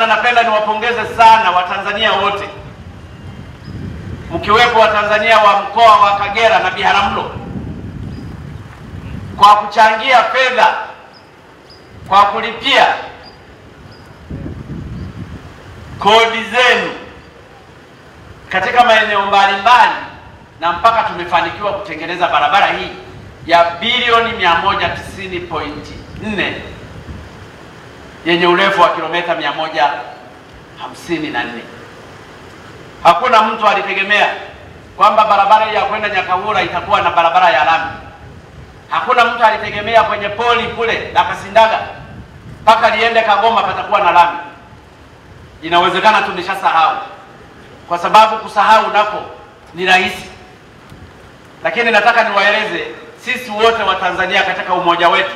Maana napenda niwapongeze sana Watanzania wote mkiwepo Watanzania wa mkoa wa Kagera na Biharamulo kwa kuchangia fedha kwa kulipia kodi zenu katika maeneo mbalimbali na mpaka tumefanikiwa kutengeneza barabara hii ya bilioni 190.4 yenye urefu wa kilomita nne. Hakuna mtu alitegemea kwamba barabara ya kwenda Nyakawura itakuwa na barabara ya lami. Hakuna mtu alitegemea kwenye poli kule la Kasindaga mpaka liende Kagoma patakuwa na lami. Inawezekana tumeshasahau, kwa sababu kusahau nako ni rahisi, lakini nataka niwaeleze sisi wote wa Tanzania katika umoja wetu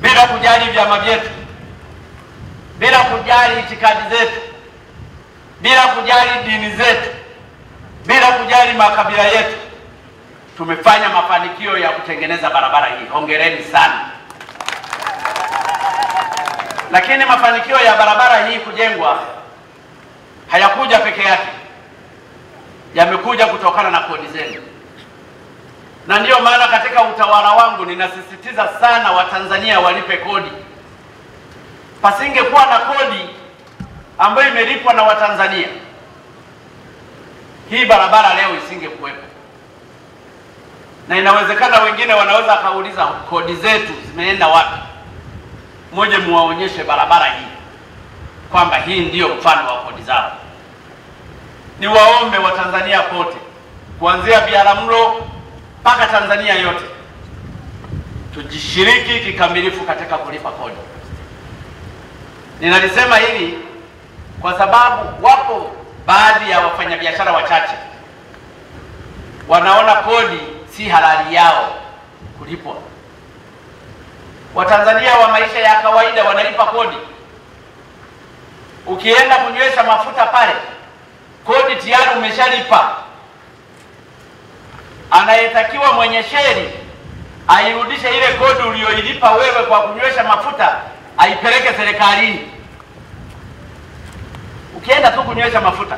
bila kujali vyama vyetu bila kujali itikadi zetu, bila kujali dini zetu, bila kujali makabila yetu, tumefanya mafanikio ya kutengeneza barabara hii. Hongereni sana. Lakini mafanikio ya barabara hii kujengwa hayakuja peke yake, yamekuja kutokana na kodi zenu, na ndiyo maana katika utawala wangu ninasisitiza sana Watanzania walipe kodi pasingekuwa na kodi ambayo imelipwa na Watanzania, hii barabara leo isingekuwepo. Na inawezekana wengine wanaweza akauliza kodi zetu zimeenda wapi? Mmoja, muwaonyeshe barabara hii kwamba hii ndiyo mfano wa kodi zao. Ni waombe Watanzania pote kuanzia Biharamulo mpaka Tanzania yote tujishiriki kikamilifu katika kulipa kodi. Ninalisema hili kwa sababu wapo baadhi ya wafanyabiashara wachache wanaona kodi si halali yao kulipwa. Watanzania wa maisha ya kawaida wanalipa kodi. Ukienda kunywesha mafuta pale, kodi tayari umeshalipa. Anayetakiwa mwenye sheri airudishe ile kodi uliyoilipa wewe kwa kunywesha mafuta, aipeleke serikalini ukienda tu kunywesha mafuta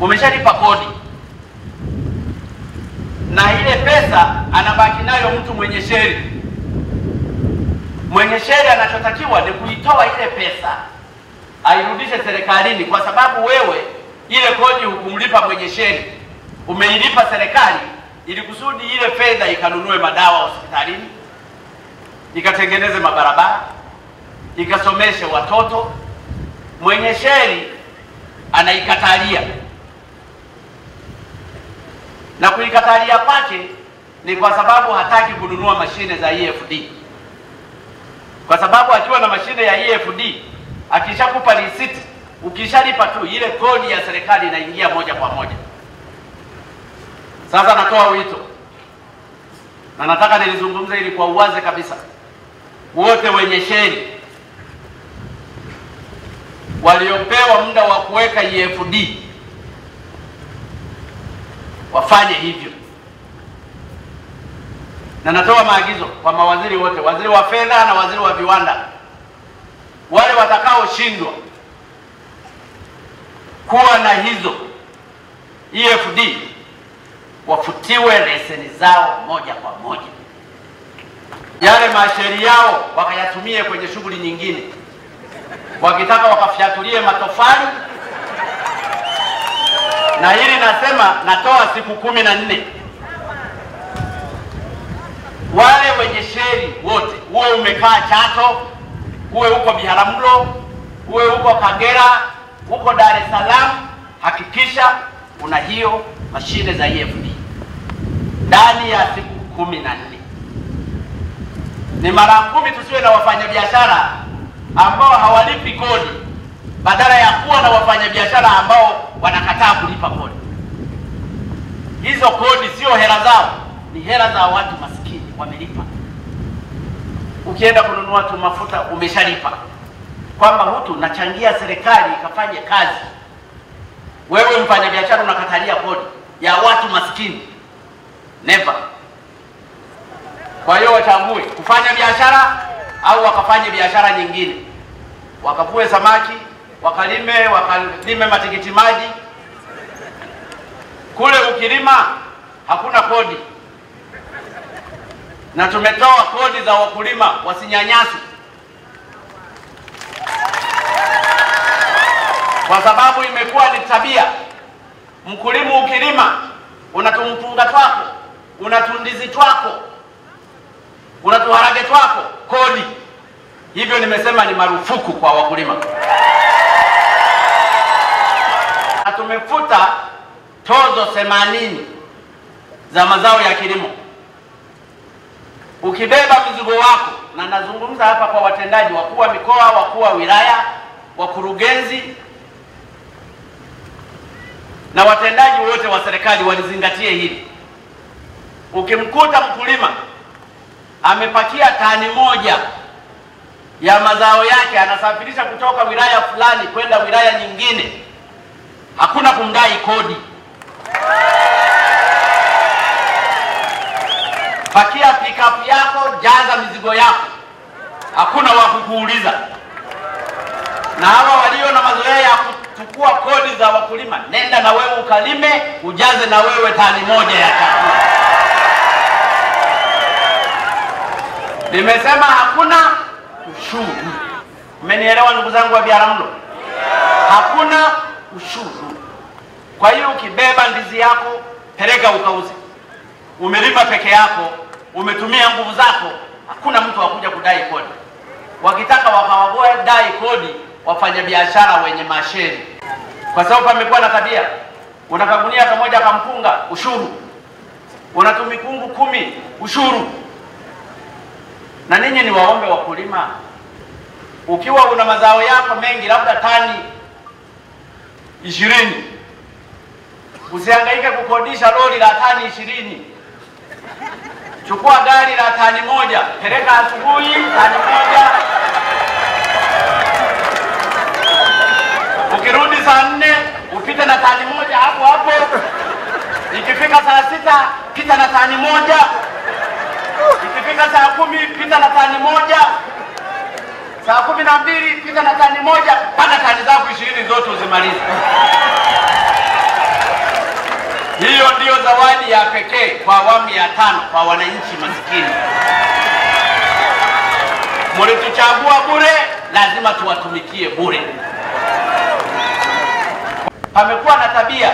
umeshalipa kodi, na ile pesa anabaki nayo mtu mwenye sheri. Mwenye sheri anachotakiwa ni kuitoa ile pesa airudishe serikalini, kwa sababu wewe ile kodi hukumlipa mwenye sheri, umeilipa serikali ili kusudi ile fedha ikanunue madawa hospitalini, ikatengeneze mabarabara, ikasomeshe watoto mwenye sheri anaikatalia, na kuikatalia kwake ni kwa sababu hataki kununua mashine za EFD, kwa sababu akiwa na mashine ya EFD akishakupa risiti, ukishalipa tu ile kodi ya serikali inaingia moja kwa moja. Sasa natoa wito na nataka nilizungumze ili kwa uwazi kabisa, wote wenye sheri waliopewa muda wa kuweka EFD wafanye hivyo, na natoa maagizo kwa mawaziri wote, waziri wa fedha na waziri wa viwanda, wale watakaoshindwa kuwa na hizo EFD wafutiwe leseni zao moja kwa moja, yale masheri yao wakayatumie kwenye shughuli nyingine wakitaka wakafyatulie matofali na hili nasema, natoa siku kumi na nne. Wale wenye sheri wote, uwe umekaa Chato, uwe huko Biharamulo, uwe huko Kagera, huko Dar es Salaam, hakikisha una hiyo mashine za EFD ndani ya siku kumi na nne. Ni mara kumi tusiwe na wafanyabiashara ambao hawalipi kodi badala ya kuwa na wafanyabiashara ambao wanakataa kulipa kodi. Hizo kodi sio hela zao, ni hela za watu maskini, wamelipa. Ukienda kununua tu mafuta umeshalipa, kwamba hutu nachangia serikali ikafanye kazi. Wewe mfanyabiashara unakatalia kodi ya watu maskini, never. Kwa hiyo watambue kufanya biashara au wakafanye biashara nyingine, wakavue samaki, wakalime, wakalime matikiti maji. Kule ukilima hakuna kodi, na tumetoa kodi za wakulima wasinyanyasi, kwa sababu imekuwa ni tabia. Mkulima ukilima, unatumfunga twako, unatundizi twako, unatuharage twako kodi. Hivyo nimesema ni marufuku kwa wakulima, na tumefuta tozo 80 za mazao ya kilimo. Ukibeba mzigo wako, na nazungumza hapa kwa watendaji wakuu wa mikoa, wakuu wa wilaya, wakurugenzi na watendaji wote wa serikali walizingatie hili. Ukimkuta mkulima amepakia tani moja ya mazao yake, anasafirisha kutoka wilaya fulani kwenda wilaya nyingine, hakuna kumdai kodi. Pakia pikapu yako, jaza mizigo yako, hakuna wa kukuuliza. Na hawa walio na mazoea ya kuchukua kodi za wakulima, nenda na wewe ukalime, ujaze na wewe tani moja ya tani. Nimesema hakuna ushuru. Mmenielewa ndugu zangu wa Biharamulo? Hakuna ushuru. Kwa hiyo ukibeba ndizi yako peleka ukauze, umelipa peke yako, umetumia nguvu zako, hakuna mtu akuja kudai kodi. Wakitaka wakawagoe dai kodi wafanyabiashara wenye masheri, kwa sababu pamekuwa na tabia, unakagunia kamoja kampunga ushuru, unatumikungu kumi ushuru na ninyi ni waombe wakulima, ukiwa una mazao yako mengi, labda tani ishirini, usihangaike kukodisha lori la tani ishirini. Chukua gari la tani moja, peleka asubuhi, tani moja ukirudi saa nne upite na tani moja hapo hapo, ikifika saa sita pita na tani moja ukifika saa kumi pita na tani moja, saa kumi na mbili pita na tani moja, pata tani zako ishirini zote uzimalize. Hiyo ndiyo zawadi ya pekee kwa awamu ya tano kwa wananchi masikini. mulituchagua bure, lazima tuwatumikie bure. Pamekuwa na tabia,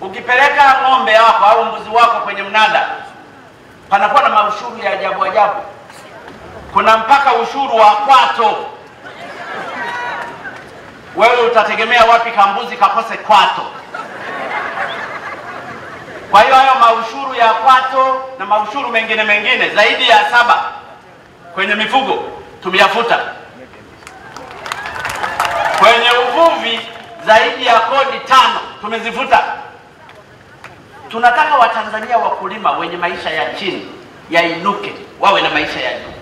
ukipeleka ng'ombe wako au mbuzi wako kwenye mnada panakuwa na maushuru ya ajabu ajabu. Kuna mpaka ushuru wa kwato. Wewe utategemea wapi kambuzi kakose kwato? Kwa hiyo hayo maushuru ya kwato na maushuru mengine mengine zaidi ya saba kwenye mifugo tumeyafuta. Kwenye uvuvi zaidi ya kodi tano tumezifuta. Tunataka Watanzania wakulima wenye maisha ya chini yainuke, wawe na maisha ya juu,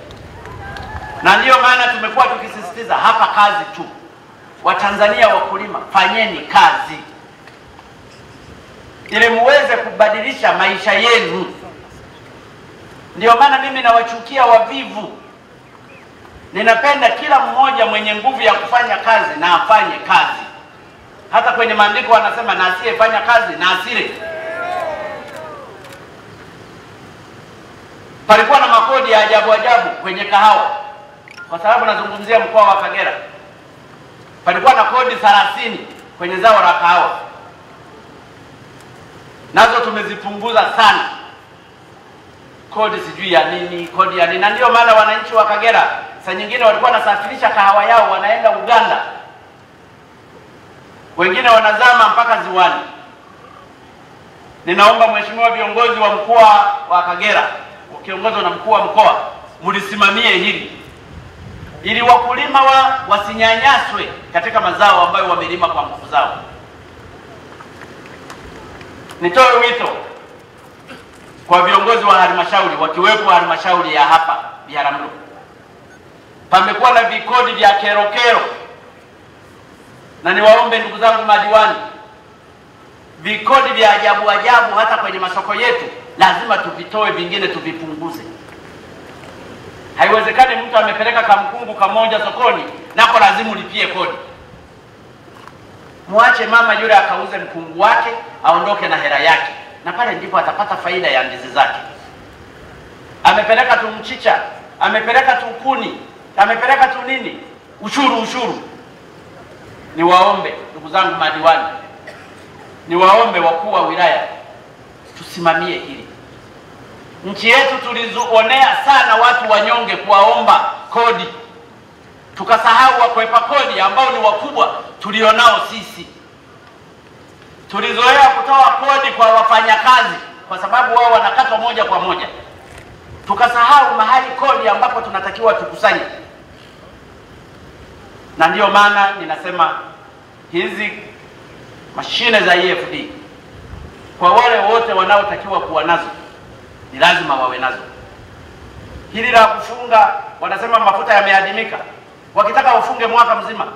na ndiyo maana tumekuwa tukisisitiza hapa kazi tu. Watanzania wakulima, fanyeni kazi ili muweze kubadilisha maisha yenu. Ndiyo maana mimi nawachukia wavivu. Ninapenda kila mmoja mwenye nguvu ya kufanya kazi na afanye kazi. Hata kwenye maandiko wanasema na asiyefanya kazi na asile. Palikuwa na makodi ya ajabu ajabu kwenye kahawa, kwa sababu nazungumzia mkoa wa Kagera. Palikuwa na kodi 30 kwenye zao la kahawa, nazo tumezipunguza sana kodi, sijui ya nini, kodi ya nini. Na ndio maana wananchi wa Kagera saa nyingine walikuwa wanasafirisha kahawa yao wanaenda Uganda, wengine wanazama mpaka ziwani. Ninaomba mheshimiwa viongozi wa mkoa wa Kagera ukiongozwa na mkuu wa mkoa, mlisimamie hili ili wakulima wa wasinyanyaswe katika mazao ambayo wamelima kwa nguvu zao. Nitoe wito kwa viongozi wa halmashauri wakiwepo halmashauri ya hapa Biharamulo, pamekuwa na vikodi vya kerokero na niwaombe ndugu zangu madiwani, vikodi vya ajabu ajabu hata kwenye masoko yetu lazima tuvitoe vingine tuvipunguze. Haiwezekani mtu amepeleka kamkungu kamoja sokoni, nako lazima ulipie kodi. Mwache mama yule akauze mkungu wake, aondoke na hela yake, na pale ndipo atapata faida ya ndizi zake. Amepeleka tu mchicha, amepeleka tu kuni, amepeleka tu nini, ushuru, ushuru. Niwaombe ndugu zangu madiwani, niwaombe wakuu wa wilaya tusimamie hili. Nchi yetu tulizoonea sana watu wanyonge kuwaomba kodi, tukasahau wakwepa kodi ambao ni wakubwa tulionao sisi. Tulizoea kutoa kodi kwa wafanyakazi kwa sababu wao wanakatwa moja kwa moja, tukasahau mahali kodi ambapo tunatakiwa tukusanye, na ndiyo maana ninasema hizi mashine za EFD kwa wale wote wanaotakiwa kuwa nazo ni lazima wawe nazo. Hili la kufunga, wanasema mafuta yameadimika, wakitaka wafunge mwaka mzima.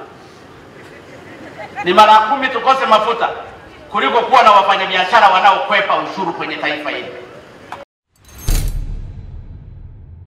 Ni mara kumi tukose mafuta kuliko kuwa na wafanyabiashara wanaokwepa ushuru kwenye taifa hili.